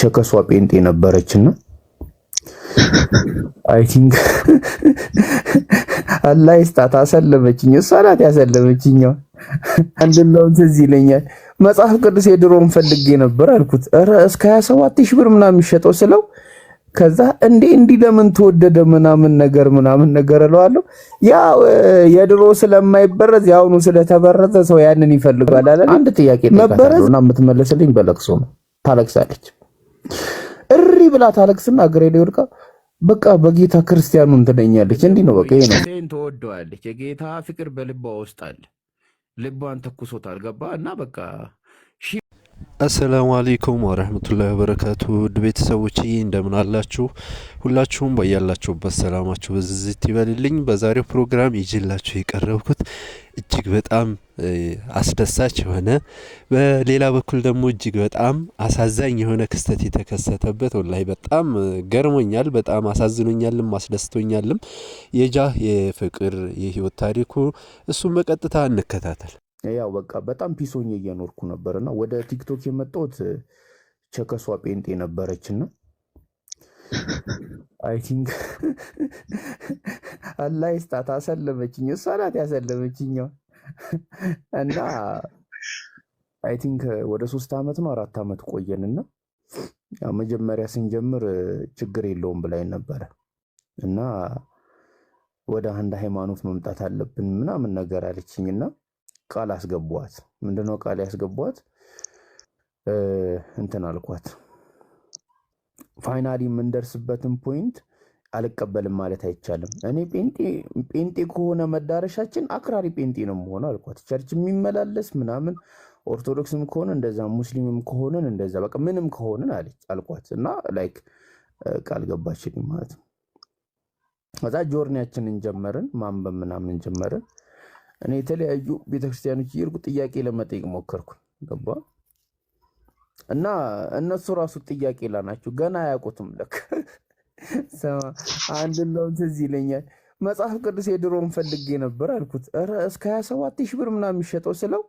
ቸከሷ ጴንጤ ነበረችና አይ ቲንክ አላህ ይስጣት አሰለመችኝ። እሷ ናት ያሰለመችኝ። አንድላውን ትዝ ይለኛል መጽሐፍ ቅዱስ የድሮውን ፈልጌ ነበር አልኩት። ኧረ እስከ 27 ሺህ ብር ምናምን የሚሸጠው ስለው ከዛ እንዴ እንዲህ ለምን ተወደደ ምናምን ነገር ምናምን ነገር እለዋለሁ። ያው የድሮ ስለማይበረዝ የአሁኑ ስለተበረዘ ሰው ያንን ይፈልጋል አለ። አንድ ጥያቄ መበረዝ እና የምትመለስልኝ በለቅሶ ነው ታለቅሳለች። እሪ ብላ ታለቅስና እግሬ ላይ ወድቃ በቃ በጌታ ክርስቲያኑ እንትነኛለች። እንዲህ ነው በቃ ይሄ ይሄን ተወደዋለች። የጌታ ፍቅር በልቧ ውስጥ አለ። ልቧን ተኩሶታል። ገባ እና በቃ አሰላሙ አሌይኩም ወረህመቱላሂ ወበረካቱ ውድ ቤተሰቦች እንደምን አላችሁ? ሁላችሁም በያላችሁበት ሰላማችሁ በዝዝት ይበልልኝ። በዛሬው ፕሮግራም ይዤላችሁ የቀረብኩት እጅግ በጣም አስደሳች የሆነ በሌላ በኩል ደግሞ እጅግ በጣም አሳዛኝ የሆነ ክስተት የተከሰተበት ወላሂ በጣም ገርሞኛል፣ በጣም አሳዝኖኛልም አስደስቶኛልም የጃህ የፍቅር የህይወት ታሪኩ እሱም በቀጥታ እንከታተል። ያው በቃ በጣም ፒሶኝ እየኖርኩ ነበር እና ወደ ቲክቶክ የመጣሁት ቸከሷ ጴንጤ ነበረች እና አይ ቲንክ አላህ ይስጣት አሰለመችኝ። እሷ ናት ያሰለመችኝ እና አይ ቲንክ ወደ ሶስት ዓመት ነው አራት ዓመት ቆየን እና መጀመሪያ ስንጀምር ችግር የለውም ብላይ ነበረ እና ወደ አንድ ሃይማኖት መምጣት አለብን ምናምን ነገር አለችኝ እና ቃል አስገቧት። ምንድነው ቃል ያስገቧት? እንትን አልኳት። ፋይናሊ የምንደርስበትን ፖይንት አልቀበልም ማለት አይቻልም። እኔ ጴንጤ ከሆነ መዳረሻችን አክራሪ ጴንጤ ነው መሆኑ አልኳት። ቸርች የሚመላለስ ምናምን ኦርቶዶክስም ከሆነ እንደዛ ሙስሊምም ከሆነን እንደዛ በቃ ምንም ከሆንን አልኳት እና ላይክ ቃል ገባችልኝ ማለት ነው። ከዛ ጆርኒያችንን ጀመርን፣ ማንበብ ምናምን ጀመርን። እኔ የተለያዩ ቤተክርስቲያኖች እየሄድኩ ጥያቄ ለመጠየቅ ሞከርኩ። ገባ እና እነሱ ራሱ ጥያቄ ላናቸው ገና አያውቁትም። ለክ አንድ ለውን ትዝ ይለኛል መጽሐፍ ቅዱስ የድሮውን ፈልጌ ነበር አልኩት። ኧረ እስከ 27 ሺህ ብር ምናምን የሚሸጠው ስለው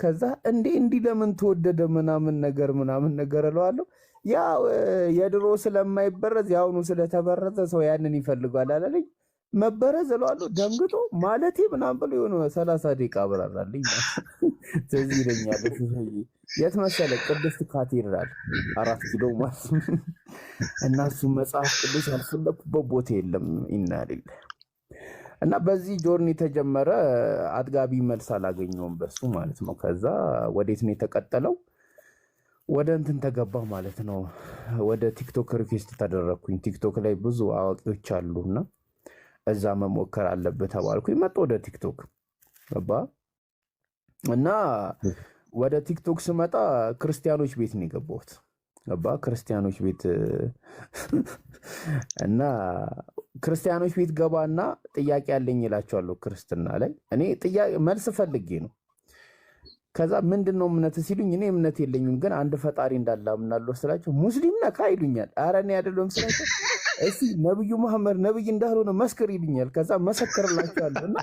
ከዛ እንዴ እንዲህ ለምን ተወደደ ምናምን ነገር ምናምን ነገር እለዋለሁ። ያው የድሮ ስለማይበረዝ የአሁኑ ስለተበረዘ ሰው ያንን ይፈልጓል አላለኝ መበረዝ እለዋለሁ። ደንግጦ ማለቴ ምናምን ብሎ የሆነ ሰላሳ ደቂቃ አብራራልኝ። ስለዚህ ይለኛል የት መሰለ ቅድስት ካቴድራል አራት ኪሎ ማለት እና እሱ መጽሐፍ ቅዱስ ያልፈለኩበት ቦታ የለም ይናልል እና በዚህ ጆርኒ የተጀመረ አጥጋቢ መልስ አላገኘውም በሱ ማለት ነው። ከዛ ወዴት ነው የተቀጠለው? ወደ እንትን ተገባ ማለት ነው። ወደ ቲክቶክ ሪኩዌስት ተደረግኩኝ። ቲክቶክ ላይ ብዙ አዋቂዎች አሉ እና እዛ መሞከር አለብህ ተባልኩ። መጣ ወደ ቲክቶክ ገባ እና ወደ ቲክቶክ ስመጣ ክርስቲያኖች ቤት ነው የገባሁት። ገባ ክርስቲያኖች ቤት እና ክርስቲያኖች ቤት ገባና ጥያቄ ያለኝ ይላቸዋለሁ። ክርስትና ላይ እኔ መልስ ፈልጌ ነው። ከዛ ምንድን ነው እምነት ሲሉኝ እኔ እምነት የለኝም ግን አንድ ፈጣሪ እንዳለ ስላቸው ሙስሊም ነካ ይሉኛል። ኧረ እኔ አይደለሁም ስላቸው እስቲ ነብዩ መሐመድ ነብይ እንዳልሆነ መስክር ይልኛል። ከዛ መሰክርላችኋለሁ እና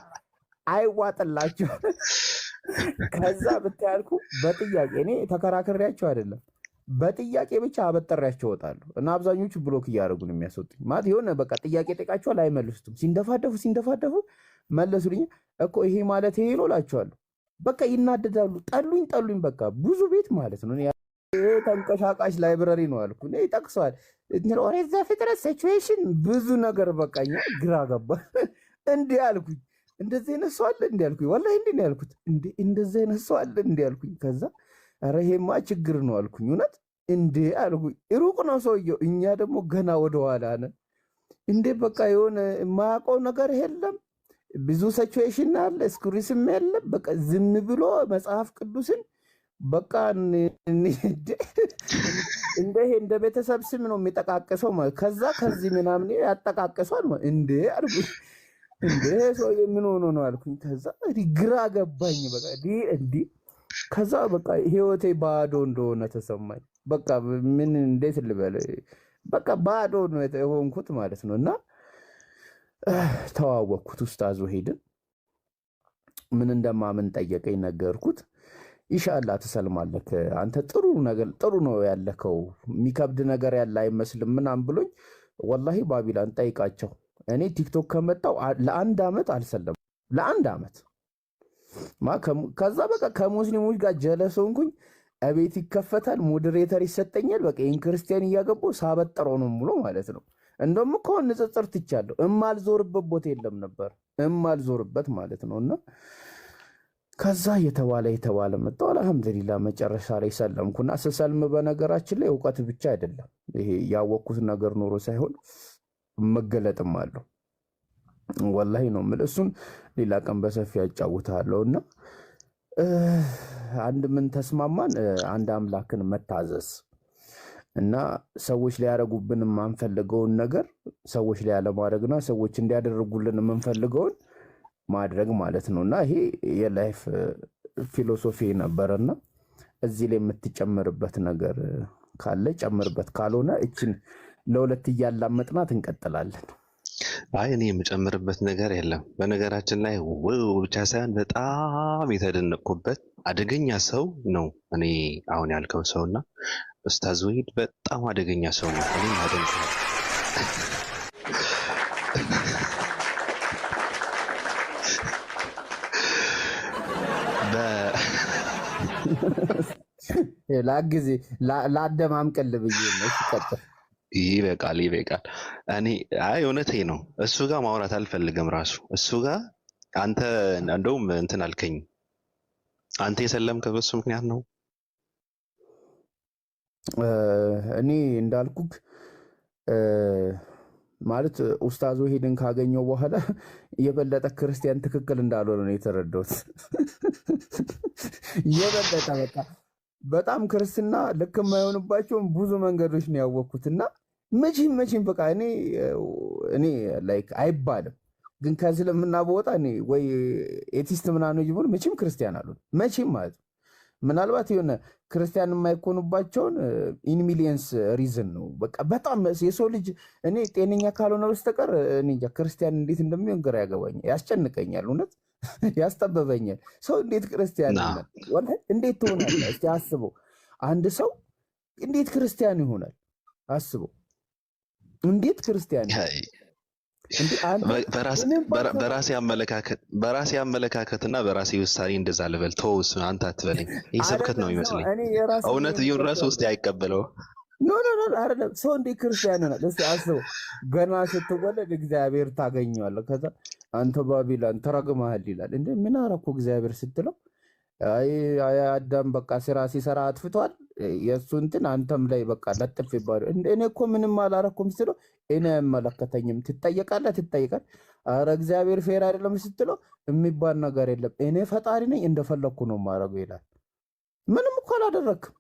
አይዋጥላችሁ። ከዛ ብታያልኩ በጥያቄ እኔ ተከራክሬያቸው አይደለም በጥያቄ ብቻ አበጠሪያቸው ይወጣሉ እና አብዛኞቹ ብሎክ እያደረጉ ነው የሚያስወጡኝ። ማለት የሆነ በቃ ጥያቄ ጠቃቸኋል አይመልሱትም። ሲንደፋደፉ ሲንደፋደፉ መለሱልኝ እኮ ይሄ ማለት ይሄ ነው እላቸዋለሁ። በቃ ይናደዳሉ። ጠሉኝ ጠሉኝ። በቃ ብዙ ቤት ማለት ነው ተንቀሳቃሽ ላይብረሪ ነው አልኩ ይጠቅሰዋል ኦሪት ዘፍጥረት ሲቹዌሽን ብዙ ነገር በቃኛ ግራ ገባ። እንዲህ አልኩኝ እንደዚህ አይነት ሰው አለ እንዲህ አልኩኝ። ወላሂ እንዲህ ነው ያልኩት። እንደዚህ አይነት ሰው አለ እንዲህ አልኩኝ። ከዛ ኧረ ይሄማ ችግር ነው አልኩኝ። እውነት እንዴ አልኩኝ። ሩቅ ነው ሰውየው፣ እኛ ደግሞ ገና ወደኋላ ነን። እንዴ በቃ የሆነ የማያውቀው ነገር የለም። ብዙ ሲቹዌሽን አለ፣ ስክሪስም የለም። በቃ ዝም ብሎ መጽሐፍ ቅዱስን በቃ እንደ ይሄ እንደ ቤተሰብ ስም ነው የሚጠቃቀሰው። ከዛ ከዚህ ምናምን ያጠቃቀሷል እንዴ አልኩ እንዴ ሰው የምን ሆኖ ነው አልኩኝ። ከዛ ግራ ገባኝ። በቃ እንዲ ከዛ በቃ ህይወቴ ባዶ እንደሆነ ተሰማኝ። በቃ ምን እንዴት ልበለ፣ በቃ ባዶ ነው የሆንኩት ማለት ነው። እና ተዋወቅኩት። ውስጥ አዞ ሄድን። ምን እንደማምን ጠየቀኝ፣ ነገርኩት። ኢንሻአላ ትሰልማለህ። አንተ ጥሩ ነገር ጥሩ ነው ያለከው የሚከብድ ነገር ያለ አይመስልም ምናም ብሎኝ፣ ወላሂ ባቢላን ጠይቃቸው። እኔ ቲክቶክ ከመጣው ለአንድ ዓመት አልሰለም ለአንድ ዓመት ከዛ በቃ ከሙስሊሞች ጋር ጀለሰውንኩኝ። እቤት ይከፈታል፣ ሞዴሬተር ይሰጠኛል። በቃ ይህን ክርስቲያን እያገባሁ ሳበጠረው ነው ብሎ ማለት ነው። እንደውም ከሆን ንጽጽር ትቻለሁ። እማልዞርበት ቦታ የለም ነበር እማልዞርበት ማለት ነው እና ከዛ የተባለ የተባለ መጣው። አልሐምዱሊላ መጨረሻ ላይ ሰለምኩና ስሰልም በነገራችን ላይ እውቀት ብቻ አይደለም ይሄ ያወቅኩት ነገር ኖሮ ሳይሆን መገለጥም አለው። ወላሂ ነው የምልህ። እሱን ሌላ ቀን በሰፊ ያጫውታለሁ። እና አንድ ምን ተስማማን? አንድ አምላክን መታዘዝ እና ሰዎች ሊያደረጉብን የማንፈልገውን ነገር ሰዎች ላይ ያለማድረግና ሰዎች እንዲያደርጉልን የምንፈልገውን ማድረግ ማለት ነው። እና ይሄ የላይፍ ፊሎሶፊ ነበረና እዚህ ላይ የምትጨምርበት ነገር ካለ ጨምርበት፣ ካልሆነ እችን ለሁለት እያላመጥናት እንቀጥላለን። አይ እኔ የምጨምርበት ነገር የለም። በነገራችን ላይ ውው ብቻ ሳይሆን በጣም የተደነቅኩበት አደገኛ ሰው ነው። እኔ አሁን ያልከው ሰውና ኡስታዝ ወሂድ በጣም አደገኛ ሰው ነው። እኔ ላግዜ ላደማምቅል ብዬ ነው። ይበቃል ይበቃል። እኔ አይ እውነቴ ነው። እሱ ጋር ማውራት አልፈልግም። ራሱ እሱ ጋር አንተ እንደውም እንትን አልከኝ። አንተ የሰለምከው በሱ ምክንያት ነው። እኔ እንዳልኩክ ማለት ኡስታዙ ሂድን ካገኘው በኋላ የበለጠ ክርስቲያን ትክክል እንዳልሆነ ነው የተረዳሁት። የበለጠ በቃ በጣም ክርስትና ልክ የማይሆንባቸውን ብዙ መንገዶች ነው ያወቅኩት። እና መቼም መቼም በቃ እኔ እኔ ላይክ አይባልም፣ ግን ከእስልምና በወጣ እኔ ወይ ኤቲስት ምናምን መቼም ክርስቲያን አሉ መቼም ማለት ነው ምናልባት የሆነ ክርስቲያን የማይኮኑባቸውን ኢንሚሊየንስ ሪዝን ነው። በቃ በጣም የሰው ልጅ እኔ ጤነኛ ካልሆነ በስተቀር ክርስቲያን እንዴት እንደሚሆን ግራ ያገባኛል፣ ያስጨንቀኛል፣ እውነት ያስጠበበኛል። ሰው እንዴት ክርስቲያን እንዴት ትሆናል? እስኪ አስበው። አንድ ሰው እንዴት ክርስቲያን ይሆናል? አስበው፣ እንዴት ክርስቲያን በራሴ አመለካከት እና በራሴ ውሳኔ እንደዛ ልበል። ተውስ አንተ አትበለኝ። ይህ ስብከት ነው የሚመስለኝ። እውነት ራስ ውስጥ አይቀበለው። ኖ ኖ ኖ፣ አይደለም ሰው እንደ ክርስቲያን ሆናል። እስኪ አስበው፣ ገና ስትወለድ እግዚአብሔር ታገኘዋለህ። ከዛ አንተ ባቢላን ተረግመሃል ይላል። እንደ ምን አረኩ እግዚአብሔር ስትለው አይ አዳም በቃ ስራ ሲሰራ አጥፍቷል። የእሱ እንትን አንተም ላይ በቃ ለጥፍ ይባሉ። እኔ እኮ ምንም አላረኩም ስትለው እኔ አይመለከተኝም። ትጠየቃለ ትጠይቃል። አረ እግዚአብሔር ፌር አይደለም ስትለው የሚባል ነገር የለም። እኔ ፈጣሪ ነኝ እንደፈለግኩ ነው ማድረገው ይላል። ምንም እኮ አላደረግክም።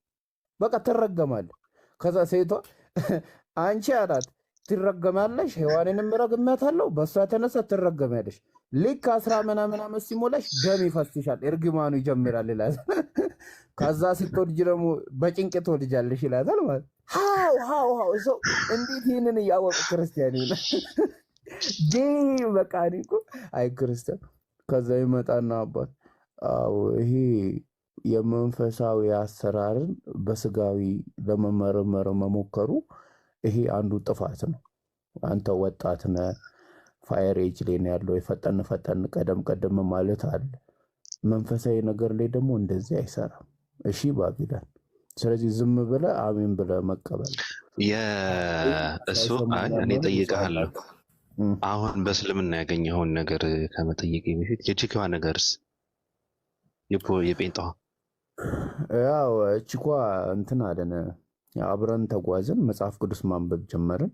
በቃ ትረገማለህ። ከዛ ሴቷ አንቺ አላት ትረገማለሽ፣ ሔዋንንም ረግሜያታለሁ፣ በእሷ የተነሳ ትረገሚያለሽ። ልክ አስራ ምናምን ዓመት ሲሞላሽ ደም ይፈስሻል፣ እርግማኑ ይጀምራል ይላል። ከዛ ስትወልጅ ደግሞ በጭንቅ ትወልጃለሽ ይላታል ማለት ሀው ሀው ሀው ሰው እንዴት ይህንን እያወቁ ክርስቲያን ይሆናል? በቃ እኔ እኮ አይ ክርስቲያን ከዛ ይመጣና አባት ይሄ የመንፈሳዊ አሰራርን በስጋዊ ለመመረመር መሞከሩ ይሄ አንዱ ጥፋት ነው። አንተ ወጣት ነህ፣ ፋየር ኤጅ ላይ ነው ያለው። የፈጠን ፈጠን ቀደም ቀደም ማለት አለ። መንፈሳዊ ነገር ላይ ደግሞ እንደዚህ አይሰራም። እሺ ባቢላን ስለዚህ ዝም ብለ አሜን ብለ መቀበል እሱ እኔ ጠይቀሃለሁ። አሁን በእስልምና ያገኘኸውን ነገር ከመጠየቅ በፊት የቺኪዋ ነገርስ የጴንጣዋ ያው እቺኳ እንትን አለን አብረን ተጓዝን። መጽሐፍ ቅዱስ ማንበብ ጀመርን።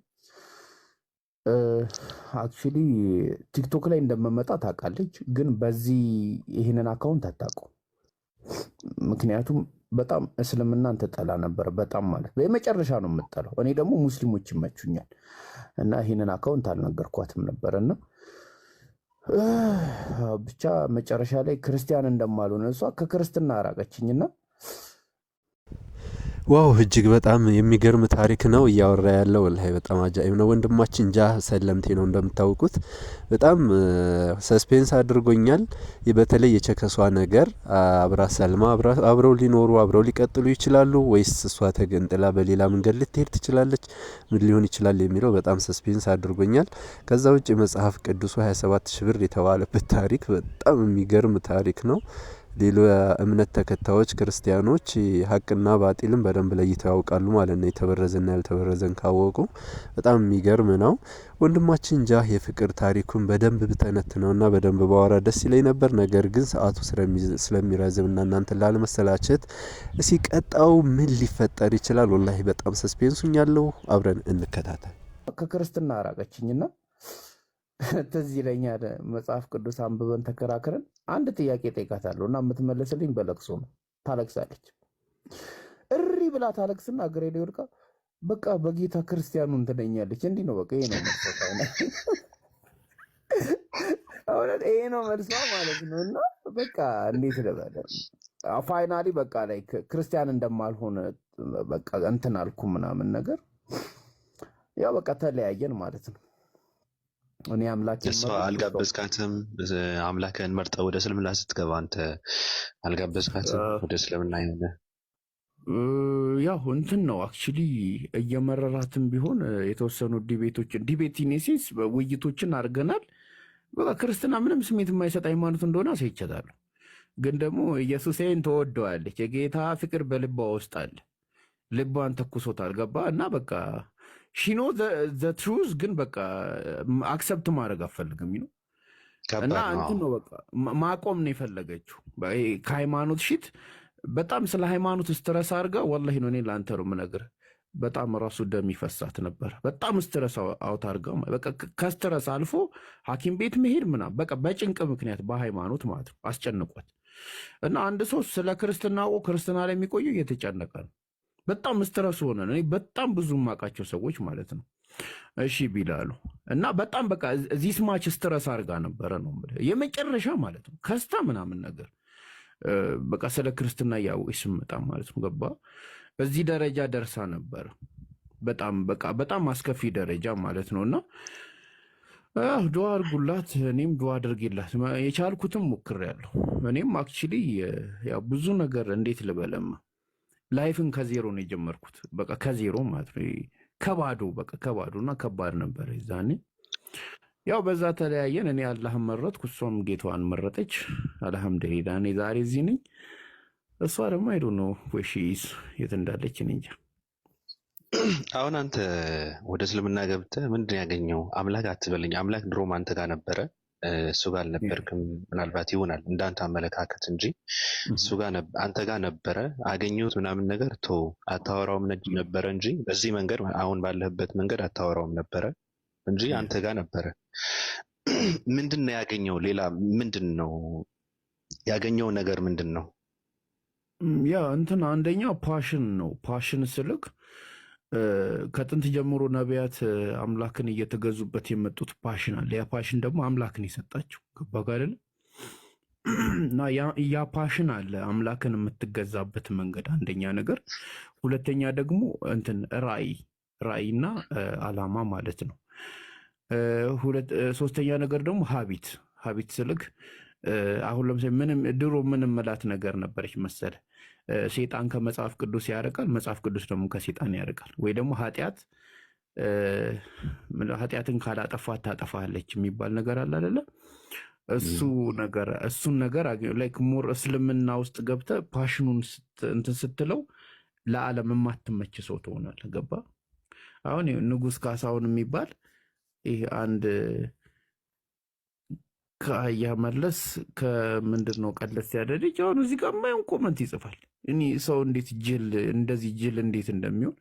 አክቹሊ ቲክቶክ ላይ እንደመመጣ ታውቃለች፣ ግን በዚህ ይህንን አካውንት አታውቀው ምክንያቱም በጣም እስልምናን ትጠላ ነበር። በጣም ማለት የመጨረሻ ነው የምጠላው። እኔ ደግሞ ሙስሊሞች ይመቹኛል እና ይህንን አካውንት አልነገርኳትም ነበር እና ብቻ መጨረሻ ላይ ክርስቲያን እንደማልሆነ እሷ ከክርስትና አራቀችኝና ዋው እጅግ በጣም የሚገርም ታሪክ ነው እያወራ ያለው ላይ በጣም አጃኢብ ነው። ወንድማችን ጃህ ሰለምቴ ነው እንደምታውቁት በጣም ሰስፔንስ አድርጎኛል። በተለይ የቸከሷ ነገር አብራ ሰልማ አብረው ሊኖሩ አብረው ሊቀጥሉ ይችላሉ ወይስ እሷ ተገንጥላ በሌላ መንገድ ልትሄድ ትችላለች? ምን ሊሆን ይችላል የሚለው በጣም ሰስፔንስ አድርጎኛል። ከዛ ውጭ መጽሐፍ ቅዱሱ 27 ሺ ብር የተባለበት ታሪክ በጣም የሚገርም ታሪክ ነው። ሌሎ እምነት ተከታዮች ክርስቲያኖች ሀቅና ባጢልን በደንብ ለይተው ያውቃሉ ማለት ነው። የተበረዘና ያልተበረዘን ካወቁ በጣም የሚገርም ነው። ወንድማችን ጃህ የፍቅር ታሪኩን በደንብ ብተነትነውና በደንብ ባወራ ደስ ይለኝ ነበር። ነገር ግን ሰዓቱ ስለሚረዝምና እናንተን ላለመሰላቸት እስኪ ቀጣው ምን ሊፈጠር ይችላል? ወላሂ በጣም ሰስፔንሱኛለሁ። አብረን እንከታተል። ከክርስትና አራቀችኝና ትዝ ይለኛል መጽሐፍ ቅዱስ አንብበን ተከራክረን አንድ ጥያቄ ጠይቃታለሁ እና የምትመለስልኝ በለቅሶ ነው። ታለቅሳለች። እሪ ብላ ታለቅስና እግሬ ላይ ወድቃ በቃ በጌታ ክርስቲያኑ እንትለኛለች። እንዲህ ነው በቃ ይሄ ነው እውነት ይሄ ነው መልሷ ማለት ነው። እና በቃ እንዴት ልበል ፋይናሊ በቃ ላይ ክርስቲያን እንደማልሆን በቃ እንትን አልኩ ምናምን ነገር ያው በቃ ተለያየን ማለት ነው። እኔ አምላክ እሷ አልጋበዝካትም። አምላክን መርጠህ ወደ እስልምና ስትገባ አንተ አልጋበዝካትም ወደ እስልምና የሆነ ያው እንትን ነው አክቹሊ እየመረራትም ቢሆን የተወሰኑ ዲቤቶችን ዲቤት ኢኔሴስ ውይይቶችን አድርገናል። በቃ ክርስትና ምንም ስሜት የማይሰጥ ሃይማኖት እንደሆነ አሳይቻታለሁ። ግን ደግሞ ኢየሱሴን ተወደዋለች። የጌታ ፍቅር በልቧ ውስጥ አለ። ልቧን ተኩሶታል። ገባ እና በቃ ሺኖ ትሩዝ ግን በቃ አክሰብት ማድረግ አፈልግም ነው እና እንትን ነው በቃ ማቆም ነው የፈለገችው ከሃይማኖት ሽት በጣም ስለ ሃይማኖት ስትረሳ አድርጋ ወላሂ ነው እኔ ለአንተ ነው የምነግርህ በጣም ራሱ ደም ይፈሳት ነበር። በጣም ስትረስ አውት አድርጋ ከስትረስ አልፎ ሀኪም ቤት መሄድ ምናምን በቃ በጭንቅ ምክንያት በሃይማኖት ማለት ነው አስጨንቋት እና አንድ ሰው ስለ ክርስትና አውቆ ክርስትና ላይ የሚቆየው እየተጨነቀ ነው። በጣም ስትረስ ሆነ እኔ በጣም ብዙ ማውቃቸው ሰዎች ማለት ነው እሺ ቢላሉ እና በጣም በቃ እዚህ ስማች ስትረስ አድርጋ ነበረ ነው የመጨረሻ ማለት ነው ከስታ ምናምን ነገር በቃ ስለ ክርስትና እያወቀች ስመጣ ማለት ነው ገባ እዚህ ደረጃ ደርሳ ነበር። በጣም በቃ በጣም አስከፊ ደረጃ ማለት ነው እና ዱዓ አድርጉላት። እኔም ዱዓ አድርጌላት የቻልኩትም ሞክሬያለሁ። እኔም አክቹሊ ብዙ ነገር እንዴት ልበለማ ላይፍን ከዜሮ ነው የጀመርኩት። በቃ ከዜሮ ማለት ነው ከባዶ በቃ ከባዶ እና ከባድ ነበረ ዛኔ። ያው በዛ ተለያየን። እኔ አላህን መረጥኩ፣ እሷም ጌታዋን መረጠች። አልሐምዱሊላህ እኔ ዛሬ እዚህ ነኝ። እሷ ደግሞ አይዶ ነው ወሺስ የት እንዳለች እኔ እንጃ። አሁን አንተ ወደ እስልምና ገብተህ ምንድን ያገኘው አምላክ አትበለኝ። አምላክ ድሮም አንተ ጋር ነበረ እሱ ጋር አልነበርክም ምናልባት ይሆናል እንዳንተ አመለካከት እንጂ እሱ አንተ ጋር ነበረ አገኘሁት ምናምን ነገር ቶ አታወራውም ነበረ እንጂ በዚህ መንገድ አሁን ባለህበት መንገድ አታወራውም ነበረ እንጂ አንተ ጋር ነበረ። ምንድን ነው ያገኘው? ሌላ ምንድን ነው ያገኘው ነገር ምንድን ነው? ያ እንትን አንደኛ ፓሽን ነው ፓሽን ስልክ ከጥንት ጀምሮ ነቢያት አምላክን እየተገዙበት የመጡት ፓሽን አለ። ያ ፓሽን ደግሞ አምላክን የሰጣቸው ገባህ አይደለ? እና ያ ፓሽን አለ አምላክን የምትገዛበት መንገድ አንደኛ ነገር፣ ሁለተኛ ደግሞ እንትን ራዕይ ራዕይና አላማ ማለት ነው። ሶስተኛ ነገር ደግሞ ሀቢት ሀቢት ስልክ አሁን ለምሳሌ ምንም ድሮ ምንም ምላት ነገር ነበረች መሰለህ ሴጣን ከመጽሐፍ ቅዱስ ያርቃል፣ መጽሐፍ ቅዱስ ደግሞ ከሴጣን ያርቃል። ወይ ደግሞ ኃጢአት ኃጢአትን ካላጠፋ ታጠፋለች የሚባል ነገር አለ አይደለ? እሱ ነገር እሱን ነገር ላይክ ሞር እስልምና ውስጥ ገብተ ፓሽኑን እንትን ስትለው ለዓለም የማትመች ሰው ትሆናል። ገባ? አሁን ንጉስ ካሳሁን የሚባል ይህ አንድ ከአያ መለስ ከምንድን ነው ቀለስ ያለ ልጅ አሁን እዚህ ጋር የማይሆን ኮመንት ይጽፋል። እኔ ሰው እንዴት ጅል እንደዚህ ጅል እንዴት እንደሚሆን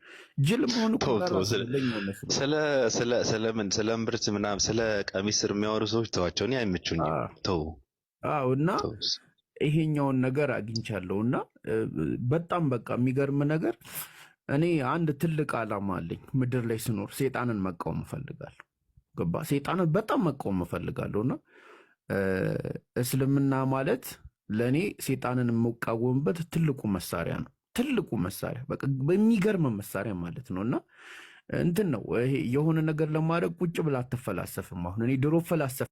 ጅል መሆን ስለምን ስለ እምብርት ምናምን ስለ ቀሚስ ስር የሚያወሩ ሰዎች ተዋቸው፣ እኔ አይመቹኝም። ተው አዎ። እና ይሄኛውን ነገር አግኝቻለሁ እና በጣም በቃ የሚገርም ነገር እኔ አንድ ትልቅ አላማ አለኝ። ምድር ላይ ስኖር ሴጣንን መቃወም እፈልጋለሁ። ገባ ሴጣንን በጣም መቃወም እፈልጋለሁ እና እስልምና ማለት ለእኔ ሴጣንን የምቃወምበት ትልቁ መሳሪያ ነው። ትልቁ መሳሪያ በሚገርም መሳሪያ ማለት ነው። እና እንትን ነው ይሄ የሆነ ነገር ለማድረግ ቁጭ ብላ አትፈላሰፍም። አሁን እኔ ድሮ ፈላሰፍ